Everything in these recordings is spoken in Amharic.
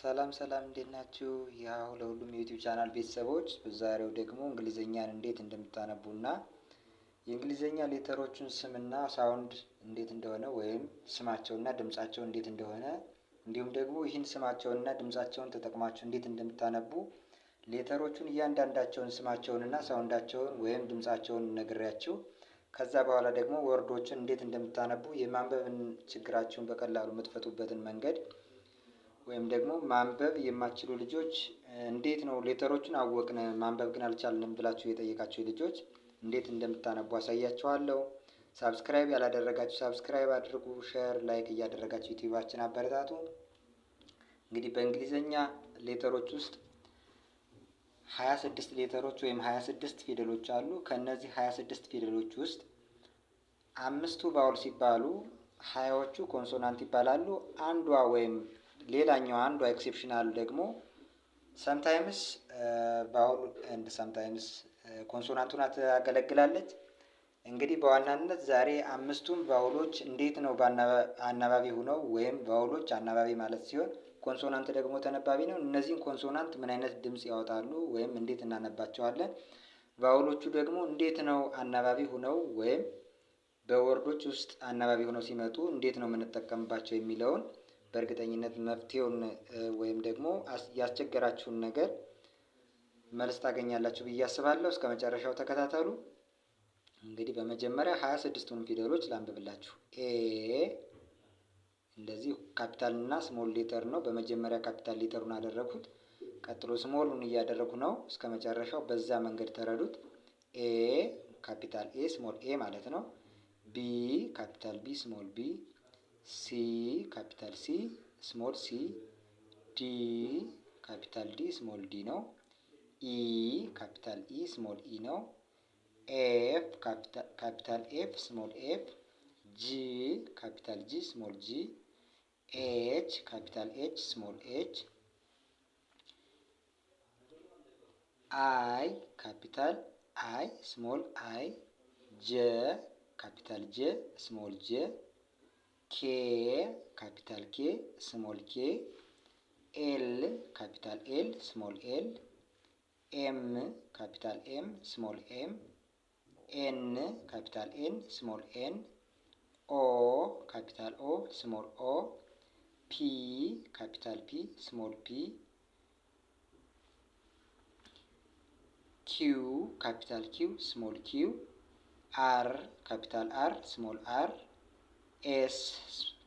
ሰላም ሰላም እንዴት ናችሁ? ያው ለሁሉም የዩቲዩብ ቻናል ቤተሰቦች በዛሬው ደግሞ እንግሊዘኛን እንዴት እንደምታነቡና የእንግሊዘኛ ሌተሮቹን ስምና ሳውንድ እንዴት እንደሆነ ወይም ስማቸውና ድምጻቸው እንዴት እንደሆነ እንዲሁም ደግሞ ይህን ስማቸውንና ድምጻቸውን ተጠቅማችሁ እንዴት እንደምታነቡ ሌተሮቹን እያንዳንዳቸውን ስማቸውንና ሳውንዳቸውን ወይም ድምጻቸውን ነግሬያችሁ ከዛ በኋላ ደግሞ ወርዶችን እንዴት እንደምታነቡ የማንበብን ችግራችሁን በቀላሉ የምትፈቱበትን መንገድ ወይም ደግሞ ማንበብ የማትችሉ ልጆች እንዴት ነው ሌተሮቹን አወቅን ማንበብ ግን አልቻልንም ብላችሁ የጠየቃችሁ ልጆች እንዴት እንደምታነቡ አሳያችኋለሁ። ሳብስክራይብ ያላደረጋችሁ ሳብስክራይብ አድርጉ፣ ሸር፣ ላይክ እያደረጋችሁ ዩቲዩባችን አበረታቱ። እንግዲህ በእንግሊዘኛ ሌተሮች ውስጥ ሀያ ስድስት ሌተሮች ወይም ሀያ ስድስት ፊደሎች አሉ። ከእነዚህ ሀያ ስድስት ፊደሎች ውስጥ አምስቱ ባውል ሲባሉ ሀያዎቹ ኮንሶናንት ይባላሉ። አንዷ ወይም ሌላኛው አንዷ ኤክሴፕሽናል ደግሞ ሰምታይምስ ባውል እንድ ሰምታይምስ ኮንሶናንቱና ታገለግላለች። እንግዲህ በዋናነት ዛሬ አምስቱም ቫውሎች እንዴት ነው አናባቢ ሆነው ወይም ቫውሎች አናባቢ ማለት ሲሆን ኮንሶናንት ደግሞ ተነባቢ ነው። እነዚህን ኮንሶናንት ምን አይነት ድምፅ ያወጣሉ ወይም እንዴት እናነባቸዋለን? ቫውሎቹ ደግሞ እንዴት ነው አናባቢ ሆነው ወይም በወርዶች ውስጥ አናባቢ ሆነው ሲመጡ እንዴት ነው የምንጠቀምባቸው የሚለውን በእርግጠኝነት መፍትሄውን ወይም ደግሞ ያስቸገራችሁን ነገር መልስ ታገኛላችሁ ብዬ አስባለሁ። እስከ መጨረሻው ተከታተሉ። እንግዲህ በመጀመሪያ ሀያ ስድስቱን ፊደሎች ላንብብላችሁ። ኤ እንደዚህ ካፒታል እና ስሞል ሌተር ነው። በመጀመሪያ ካፒታል ሌተሩን አደረግኩት። ቀጥሎ ስሞሉን እያደረጉ ነው እስከ መጨረሻው። በዛ መንገድ ተረዱት። ኤ ካፒታል ኤ ስሞል ኤ ማለት ነው። ቢ ካፒታል ቢ ስሞል ቢ ሲ ካፒታል ሲ ስሞል ሲ፣ ዲ ካፒታል ዲ ስሞል ዲ ነው። ኢ ካፒታል ኢ ስሞል ኢ ነው። ኤፍ ካፒታል ኤፍ ስሞል ኤፍ፣ ጂ ካፒታል ጂ ስሞል ጂ፣ ኤች ካፒታል ኤች ስሞል ኤች፣ አይ ካፒታል አይ ስሞል አይ፣ ጄ ካፒታል ጄ ስሞል ጄ ኬ ካፒታል ኬ ስሞል ኬ ኤል ካፒታል ኤል ስሞል ኤል ኤም ካፒታል ኤም ስሞል ኤም ኤን ካፒታል ኤን ስሞል ኤን ኦ ካፒታል ኦ ስሞል ኦ ፒ ካፒታል ፒ ስሞል ፒ ኪው ካፒታል ኪው ስሞል ኪው አር ካፒታል አር ስሞል አር ኤስ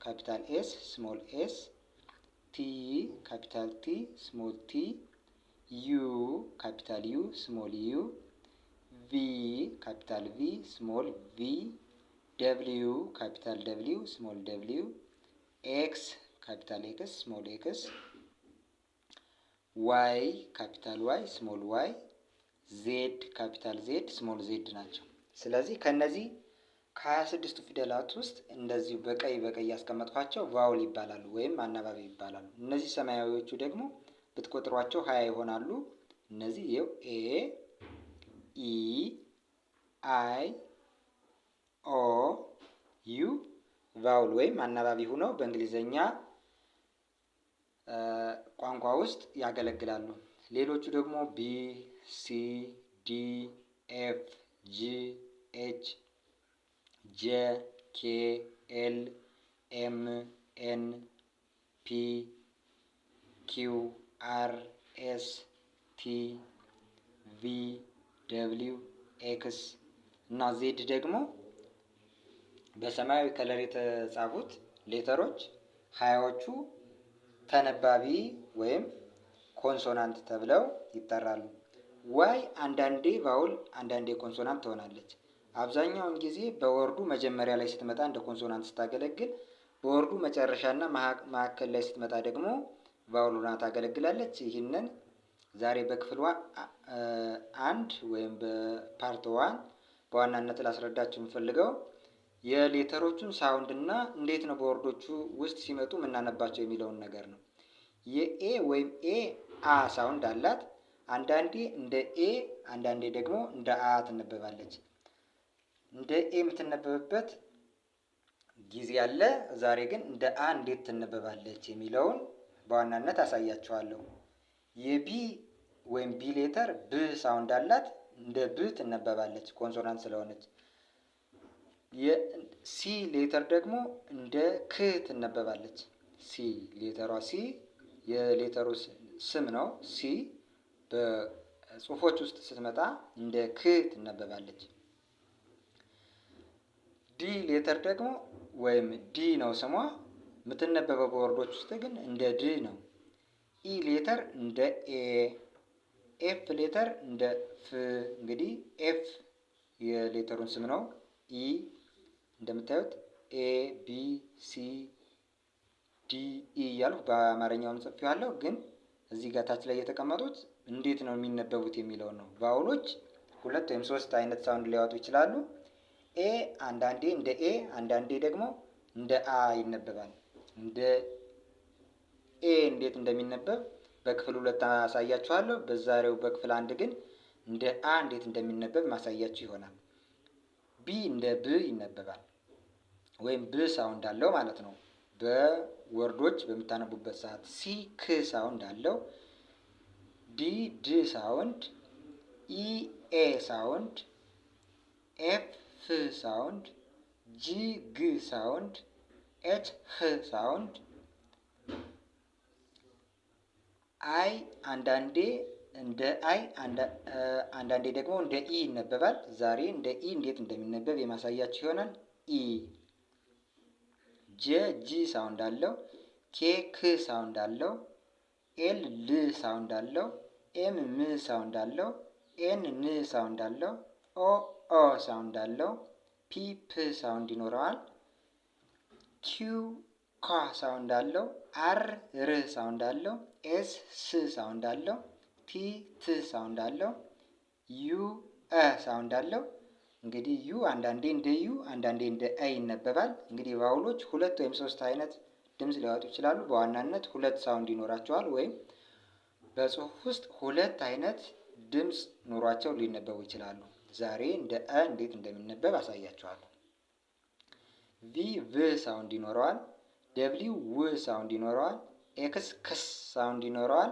ካፒታል ኤስ ስሞል ኤስ ቲ ካፒታል ቲ ስሞል ቲ ዩ ካፒታል ዩ ስሞል ዩ ቪ ካፒታል ቪ ስሞል ቪ ደብሊዩ ካፒታል ደብሊው ስሞል ደብሊው ኤክስ ካፒታል ኤክስ ስሞል ኤክስ ዋይ ካፒታል ዋይ ስሞል ዋይ ዜድ ካፒታል ዜድ ስሞል ዜድ ናቸው። ስለዚህ ከነዚህ ከሀያ ስድስቱ ፊደላት ውስጥ እንደዚሁ በቀይ በቀይ ያስቀመጥኳቸው ቫውል ይባላሉ ወይም አናባቢ ይባላሉ። እነዚህ ሰማያዊዎቹ ደግሞ ብትቆጥሯቸው ሀያ ይሆናሉ። እነዚህ ይኸው ኤ፣ ኢ፣ አይ፣ ኦ፣ ዩ ቫውል ወይም አናባቢ ሆነው በእንግሊዘኛ ቋንቋ ውስጥ ያገለግላሉ። ሌሎቹ ደግሞ ቢ፣ ሲ፣ ዲ፣ ኤፍ፣ ጂ፣ ኤች ጄ ኬ ኤል ኤም ኤን ፒ ኪው አር ኤስ ቲ ቪ ደብሊው ኤክስ እና ዜድ ደግሞ በሰማያዊ ከለር የተጻፉት ሌተሮች ሀያዎቹ ተነባቢ ወይም ኮንሶናንት ተብለው ይጠራሉ። ዋይ አንዳንዴ ቫውል አንዳንዴ ኮንሶናንት ትሆናለች። አብዛኛውን ጊዜ በወርዱ መጀመሪያ ላይ ስትመጣ እንደ ኮንሶናንት ስታገለግል፣ በወርዱ መጨረሻና መካከል ላይ ስትመጣ ደግሞ ቫውል ሆና ታገለግላለች። ይህንን ዛሬ በክፍል አንድ ወይም በፓርት ዋን በዋናነት ላስረዳችሁ የምፈልገው የሌተሮቹን ሳውንድ እና እንዴት ነው በወርዶቹ ውስጥ ሲመጡ የምናነባቸው የሚለውን ነገር ነው። የኤ ወይም ኤ አ ሳውንድ አላት። አንዳንዴ እንደ ኤ፣ አንዳንዴ ደግሞ እንደ አ ትነበባለች። እንደ ኤ የምትነበብበት ጊዜ አለ። ዛሬ ግን እንደ አ እንዴት ትነበባለች የሚለውን በዋናነት አሳያችኋለሁ። የቢ ወይም ቢ ሌተር ብ ሳውንድ አላት። እንደ ብ ትነበባለች ኮንሶናንት ስለሆነች። የሲ ሌተር ደግሞ እንደ ክ ትነበባለች። ሲ ሌተሯ ሲ የሌተሩ ስም ነው። ሲ በጽሁፎች ውስጥ ስትመጣ እንደ ክ ትነበባለች። ዲ ሌተር ደግሞ ወይም ዲ ነው ስሟ የምትነበበው በወርዶች ውስጥ ግን እንደ ድ ነው። ኢ ሌተር እንደ ኤ፣ ኤፍ ሌተር እንደ ፍ። እንግዲህ ኤፍ የሌተሩን ስም ነው። ኢ እንደምታዩት ኤ ቢ ሲ ዲ ኢ እያልሁ በአማርኛውን ጽፌዋለሁ። ግን እዚህ ጋር ታች ላይ የተቀመጡት እንዴት ነው የሚነበቡት የሚለውን ነው። ቫውሎች ሁለት ወይም ሶስት አይነት ሳውንድ ሊያወጡ ይችላሉ። ኤ አንዳንዴ እንደ ኤ አንዳንዴ ደግሞ እንደ አ ይነበባል። እንደ ኤ እንዴት እንደሚነበብ በክፍል ሁለት አሳያችኋለሁ። በዛሬው በክፍል አንድ ግን እንደ አ እንዴት እንደሚነበብ ማሳያችሁ ይሆናል። ቢ እንደ ብ ይነበባል ወይም ብ ሳውንድ አለው ማለት ነው። በወርዶች በምታነቡበት ሰዓት ሲ ክ ሳውንድ አለው። ዲ ድ ሳውንድ፣ ኢ ኤ ሳውንድ፣ ኤፍ ህ ሳውንድ፣ ጂ ግ ሳውንድ፣ ኤች ህ ሳውንድ፣ አይ አንዳንዴ እንደ አይ አንዳንዴ ደግሞ እንደ ኢ ይነበባል። ዛሬ እንደ ኢ እንዴት እንደሚነበብ የማሳያችሁ ይሆናል። ኢ ጀ ጂ ሳውንድ አለው። ኬ ክ ሳውንድ አለው። ኤል ል ሳውንድ አለው። ኤም ም ሳውንድ አለው። ኤን ን ሳውንድ አለው። ኦ ኦ ሳውንድ አለው። ፒ ፕ ሳውንድ ይኖረዋል። ኪው ኳ ሳውንድ አለው። አር ር ሳውንድ አለው። ኤስ ስ ሳውንድ አለው። ቲ ት ሳውንድ አለው። ዩ እ ሳውንድ አለው። እንግዲህ ዩ አንዳንዴ እንደ ዩ አንዳንዴ እንደ አ ይነበባል። እንግዲህ ቫውሎች ሁለት ወይም ሶስት አይነት ድምፅ ሊያወጡ ይችላሉ። በዋናነት ሁለት ሳውንድ ይኖራቸዋል ወይም በጽሁፍ ውስጥ ሁለት አይነት ድምፅ ኑሯቸው ሊነበቡ ይችላሉ። ዛሬ እንደ አ እንዴት እንደሚነበብ አሳያችኋለሁ። ቪ ቭ ሳውንድ ይኖረዋል። ደብሊው ው ሳውንድ ይኖረዋል። ኤክስ ክስ ሳውንድ ይኖረዋል።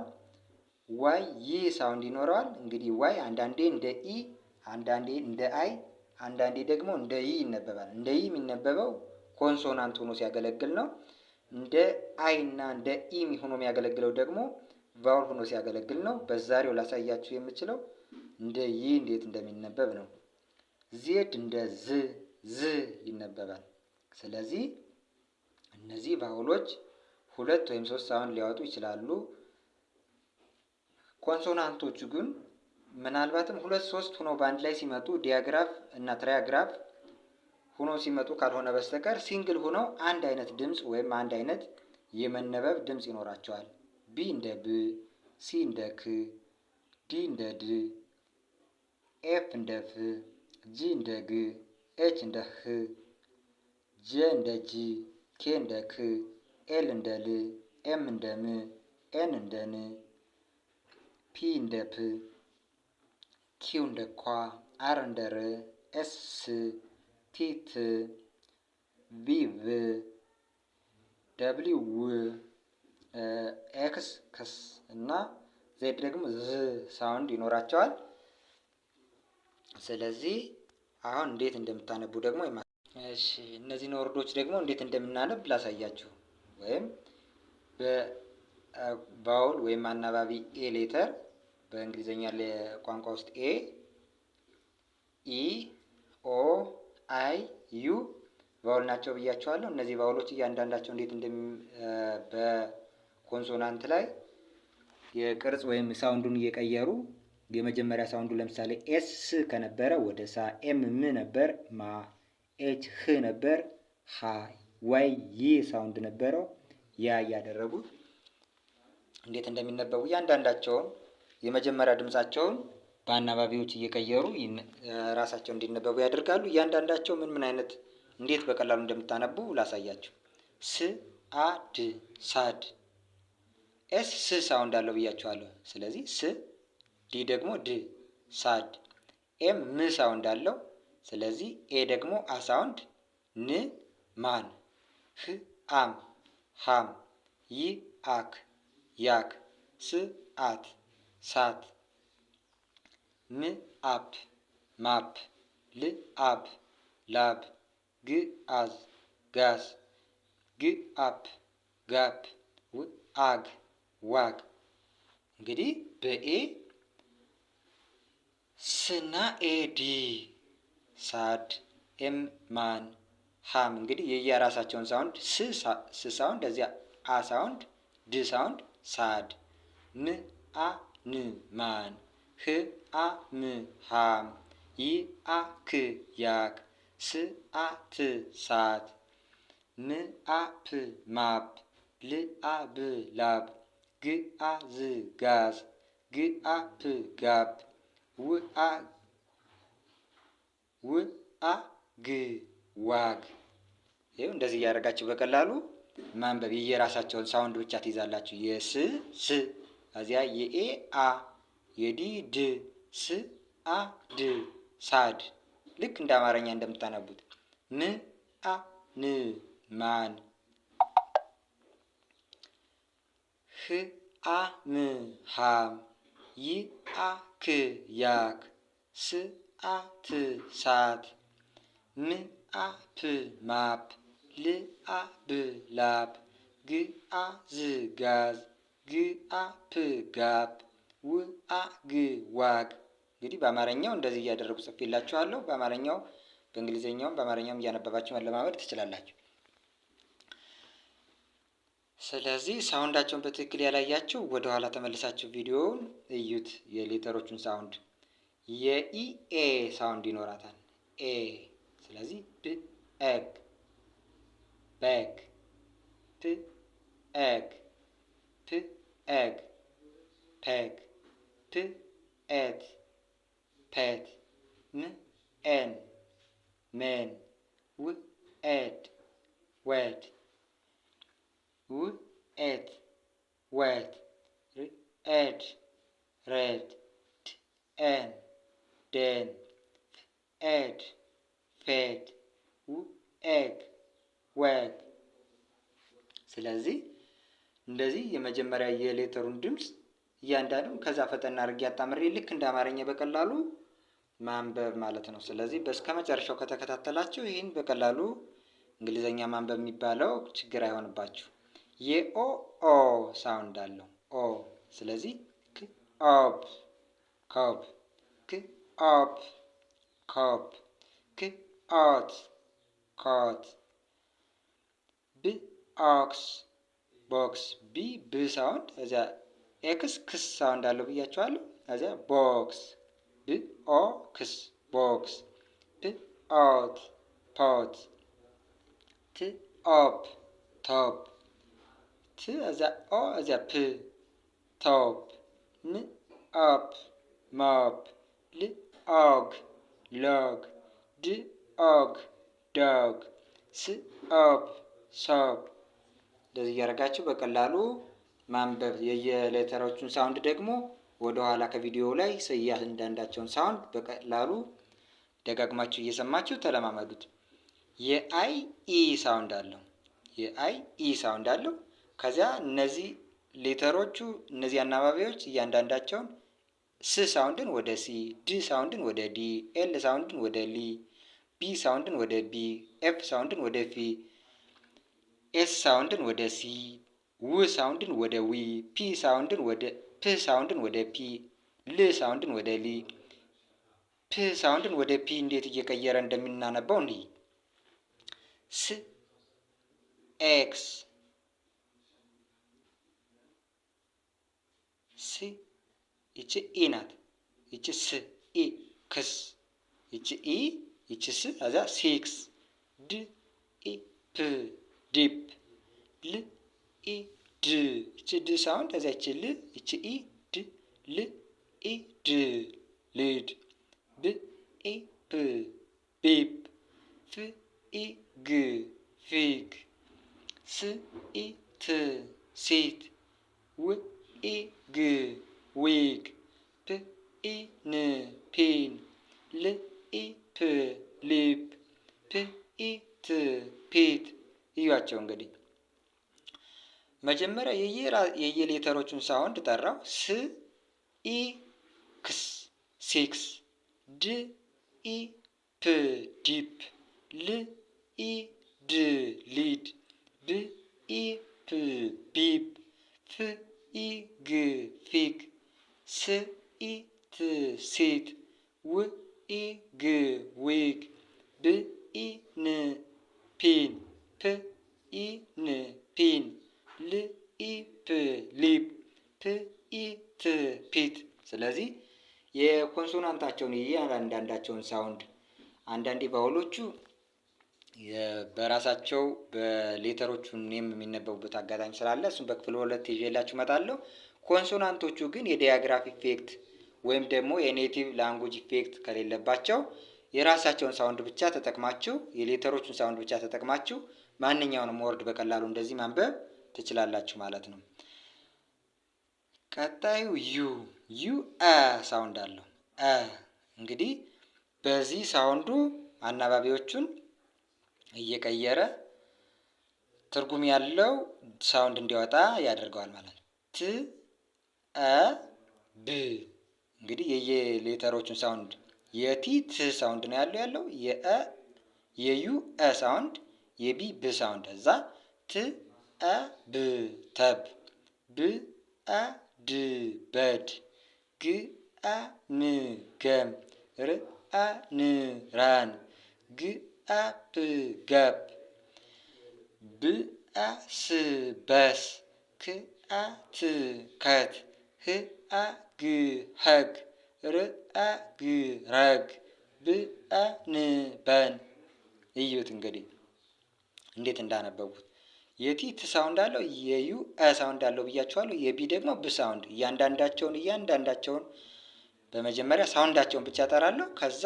ዋይ ይ ሳውንድ ይኖረዋል። እንግዲህ ዋይ አንዳንዴ እንደ ኢ፣ አንዳንዴ እንደ አይ፣ አንዳንዴ ደግሞ እንደ ይ ይነበባል። እንደ ይ የሚነበበው ኮንሶናንት ሆኖ ሲያገለግል ነው። እንደ አይ እና እንደ ኢ ሆኖ የሚያገለግለው ደግሞ ቫውል ሆኖ ሲያገለግል ነው። በዛሬው ላሳያችሁ የምችለው እንደ ይ እንዴት እንደሚነበብ ነው። ዜድ እንደ ዝ ዝ ይነበባል። ስለዚህ እነዚህ ቫውሎች ሁለት ወይም ሶስት ሳውንድ ሊያወጡ ይችላሉ። ኮንሶናንቶቹ ግን ምናልባትም ሁለት ሶስት ሆኖ በአንድ ላይ ሲመጡ ዲያግራፍ እና ትራያግራፍ ሆኖ ሲመጡ ካልሆነ በስተቀር ሲንግል ሆነው አንድ አይነት ድምፅ ወይም አንድ አይነት የመነበብ ድምፅ ይኖራቸዋል። ቢ እንደ ብ፣ ሲ እንደ ክ፣ ዲ እንደ ድ ኤፍ እንደ ፍ፣ ጂ እንደ ግ፣ ኤች እንደ ህ፣ ጄ እንደ ጂ፣ ኬ እንደ ክ፣ ኤል እንደ ል፣ ኤም እንደ ም፣ ኤን እንደ ን፣ ፒ እንደ ፕ፣ ኪው እንደ ኳ፣ አር እንደ ር፣ ኤስ ስ፣ ቲ ት፣ ቪ ቭ፣ ደብሊው ው፣ ኤክስ ክስ እና ዜድ ደግሞ ዝ ሳውንድ ይኖራቸዋል። ስለዚህ አሁን እንዴት እንደምታነቡ ደግሞ እሺ እነዚህን ወርዶች ደግሞ እንዴት እንደምናነብ ላሳያችሁ። ወይም በባውል ወይም አናባቢ ኤ ሌተር በእንግሊዝኛ ቋንቋ ውስጥ ኤ ኢ ኦ አይ ዩ ባውል ናቸው ብያቸዋለሁ። እነዚህ ባውሎች እያንዳንዳቸው እንዴት በኮንሶናንት ላይ የቅርጽ ወይም ሳውንዱን እየቀየሩ የመጀመሪያ ሳውንዱ ለምሳሌ ኤስ ከነበረ ወደ ሳ፣ ኤም ም ነበር ማ፣ ኤች ህ ነበር ሀ፣ ዋይ ይ ሳውንድ ነበረው ያ እያደረጉ እንዴት እንደሚነበቡ እያንዳንዳቸውን የመጀመሪያ ድምፃቸውን በአናባቢዎች እየቀየሩ ራሳቸው እንዲነበቡ ያደርጋሉ። እያንዳንዳቸው ምን ምን አይነት እንዴት በቀላሉ እንደምታነቡ ላሳያችሁ። ስ አ ድ ሳድ ኤስ ስ ሳውንድ አለው ብያችኋለሁ። ስለዚህ ስ ዲ ደግሞ ድ ሳድ ኤም ም ሳውንድ አለው። ስለዚህ ኤ ደግሞ አሳውንድ ን ማን ህ አም ሃም ይ አክ ያክ ስ አት ሳት ም አፕ ማፕ ል አብ ላብ ግ አዝ ጋዝ ግ አፕ ጋፕ ው አግ ዋግ እንግዲህ በኤ ስና ኤዲ ሳድ ኤም ማን ሃም እንግዲህ የየራሳቸውን ሳውንድ ስ ሳውንድ እዚያ አ ሳውንድ ድ ሳውንድ ሳድ ም አ ን ማን ህ አ ም ሃም ይ አ ክ ያክ ስ አ ት ሳት ም አ ፕ ማፕ ል አ ብ ላብ ግ አ ዝ ጋዝ ግ አ ፕ ጋፕ ውአ ውአ ግ ዋግ ይኸው እንደዚህ እያደረጋችሁ በቀላሉ ማንበብ የየራሳቸውን ሳውንድ ብቻ ትይዛላችሁ። የስ ስ ከዚያ የኤ አ የዲ ድ ስ አ ድ ሳድ ልክ እንደ አማርኛ እንደምታነቡት ም አ ን ማን ህ አ ም ሃም ይአክያክ ስአት ሳት ምአፕ ማፕ ልአብ ላፕ ግአዝ ጋዝ ግአፕ ጋፕ ውአግ ዋግ እንግዲህ በአማርኛው እንደዚህ እያደረጉ ጽፌላችኋለሁ። በአማርኛው በእንግሊዝኛውም በአማርኛውም እያነበባችሁ መለማመድ ትችላላችሁ። ስለዚህ ሳውንዳቸውን በትክክል ያላያችሁ ወደኋላ ተመልሳችሁ ቪዲዮውን እዩት። የሌተሮቹን ሳውንድ የኢ ኤ ሳውንድ ይኖራታል። ኤ ስለዚህ ፕ ኤግ በግ ፕ ኤግ ፕ ኤግ ፔግ ፕ ኤት ፔት ም ኤን ሜን ው ኤድ ወድ ውጤት ወት ኤድ ሬድ ኤን ደን ኤድ ፌድ ውኤግ ወግ። ስለዚህ እንደዚህ የመጀመሪያ የሌተሩን ድምፅ እያንዳንዱን ከዛ ፈጠን አድርጌ አጣምሬ ልክ እንደ አማርኛ በቀላሉ ማንበብ ማለት ነው። ስለዚህ በስከ መጨረሻው ከተከታተላችሁ ይህን በቀላሉ እንግሊዘኛ ማንበብ የሚባለው ችግር አይሆንባችሁ። የኦ ኦ ሳውንድ አለው ኦ። ስለዚህ ክ ኦፕ ኮፕ ክ ኦፕ ኮፕ ክ ኦት ኮት ብ ኦክስ ቦክስ ቢ ብ ሳውንድ እዚያ ኤክስ ክስ ሳውንድ አለው ብያቸዋለሁ። እዚያ ቦክስ ብ ኦ ክስ ቦክስ ብ ኦት ፖት ት ኦፕ ቶፕ ት እዛ ኦ እዚያ ፕ ቶፕ ን ኦፕ ሞፕ ል ኦግ ሎግ ድ ኦግ ዶግ ስ ኦፕ ሶፕ እንደዚህ እያደረጋችሁ በቀላሉ ማንበብ የየሌተሮቹን ሳውንድ ደግሞ ወደ ኋላ ከቪዲዮ ላይ እያንዳንዳቸውን ሳውንድ በቀላሉ ደጋግማችሁ እየሰማችሁ ተለማመዱት። የአይ ኢ ሳውንድ አለው። የአይ ኢ ሳውንድ አለው። ከዚያ እነዚህ ሌተሮቹ እነዚህ አናባቢዎች እያንዳንዳቸውን ስ ሳውንድን ወደ ሲ፣ ድ ሳውንድን ወደ ዲ፣ ኤል ሳውንድን ወደ ሊ፣ ቢ ሳውንድን ወደ ቢ፣ ኤፍ ሳውንድን ወደ ፊ፣ ኤስ ሳውንድን ወደ ሲ፣ ው ሳውንድን ወደ ዊ፣ ፒ ሳውንድን ወደ ፕ ሳውንድን ወደ ፒ፣ ል ሳውንድን ወደ ሊ፣ ፕ ሳውንድን ወደ ፒ እንዴት እየቀየረ እንደምናነባው እንይ። ስ ኤክስ ይቺ ኢ ናት። ይቺ ስ ኢ ክስ ይቺ ኢ ይቺ ስ አዛ ሲክስ ድ ኢ ፕ ዲፕ ል ኢ ድ ይቺ ድ ሳውንድ እዛ ይቺ ል ይቺ ኢ ድ ል ኢ ድ ልድ ብ ኢ ፕ ቢፕ ፍ ኢ ግ ፊግ ስ ኢ ት ሲት ው ኢ ግ ዊግ ፕ ኢ ን ፒን ል ኢ ፕ ሊፕ ፕ ኢ ት ፒት እዩዋቸው እንግዲህ መጀመሪያ የየሌተሮቹን ሳውንድ ጠራው። ስ ኢ ክስ ሴክስ ድ ኢ ፕ ዲፕ ል ኢ ድ ሊድ ብ ኢ ፕ ቢፕ ፍ ኢ ኢግፊግ ስኢትሲት ውኢግዊግ ብኢንፒን ፕኢንፒን ልኢፕሊፕ ፕኢትፒት ስለዚህ የኮንሶናንታቸውን እያንዳንዳቸውን ሳውንድ አንዳንዴ ባውሎቹ በራሳቸው በሌተሮቹ ኔም የሚነበቡበት አጋጣሚ ስላለ እሱም በክፍል ሁለት ይዤላችሁ እመጣለሁ። ኮንሶናንቶቹ ግን የዲያግራፍ ኢፌክት ወይም ደግሞ የኔቲቭ ላንጉጅ ኢፌክት ከሌለባቸው የራሳቸውን ሳውንድ ብቻ ተጠቅማችሁ የሌተሮቹን ሳውንድ ብቻ ተጠቅማችሁ ማንኛውንም ወርድ በቀላሉ እንደዚህ ማንበብ ትችላላችሁ ማለት ነው። ቀጣዩ ዩ ዩ አ ሳውንድ አለው። አ እንግዲህ በዚህ ሳውንዱ አናባቢዎቹን እየቀየረ ትርጉም ያለው ሳውንድ እንዲያወጣ ያደርገዋል ማለት ነው። ት አ ብ እንግዲህ የየሌተሮቹን ሳውንድ የቲ ት ሳውንድ ነው ያለው ያለው የአ የዩ አ ሳውንድ የቢ ብ ሳውንድ እዛ ት አ ብ ተብ ብ አ ድ በድ ግ አ ን ገም ር አ ን ራን ግ አብገብ ብአስበስ ክአትከት ህአግኸግ ርአግረግ ብአንበን እዩት እንግዲህ እንዴት እንዳነበቡት የቲ ት ሳውንድ አለው የዩ አ ሳውንድ አለው ብያቸዋለሁ። የቢ ደግሞ ብ ሳውንድ እያንዳንዳቸውን እያንዳንዳቸውን በመጀመሪያ ሳውንዳቸውን ብቻ ጠራለሁ ከዛ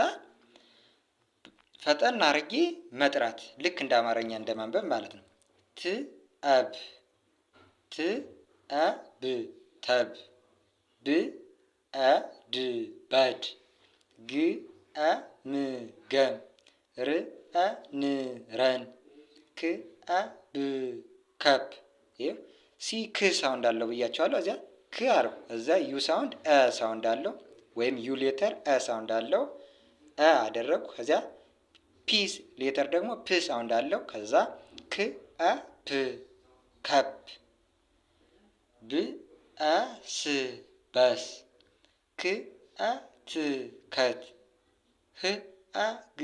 ፈጠን አድርጌ መጥራት ልክ እንደ አማርኛ እንደ ማንበብ ማለት ነው። ት ት አብ አ ብ ተብ ብ አ ድ ባድ ግ አ አ ም ር ን ረን ክ ግአምገም ርአንረን ክአብከብ ሲ ክ ሳውንድ አለው ብያቸዋለሁ። እዚያ ክ አርብ እዛ ዩ ሳውንድ አ ሳውንድ አለው ወይም ዩ ሌተር አ ሳውንድ አለው አ አደረግኩ እዚያ ፒስ ሌተር ደግሞ ፕ ሳውንድ አለው። ከዛ ክ አ ፕ ከፕ ብ አ ስ በስ ክ አ ት ከት ህ አ ግ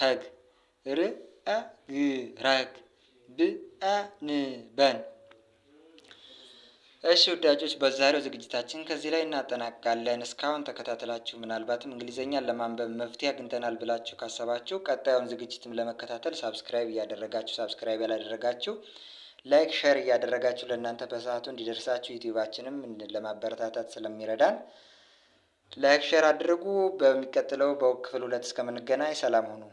ሀግ ር አ ግ ረግ ብ አ ን በን እሺ ወዳጆች በዛሬው ዝግጅታችን ከዚህ ላይ እናጠናቅቃለን። እስካሁን ተከታተላችሁ ምናልባትም እንግሊዘኛን ለማንበብ መፍትሄ አግኝተናል ብላችሁ ካሰባችሁ ቀጣዩን ዝግጅትም ለመከታተል ሳብስክራይብ እያደረጋችሁ ሳብስክራይብ ያላደረጋችሁ ላይክ፣ ሼር እያደረጋችሁ ለእናንተ በሰዓቱ እንዲደርሳችሁ ዩቲዩባችንም ለማበረታታት ስለሚረዳን ላይክ፣ ሼር አድርጉ። በሚቀጥለው በክፍል ሁለት እስከምንገናኝ ሰላም ሁኑ።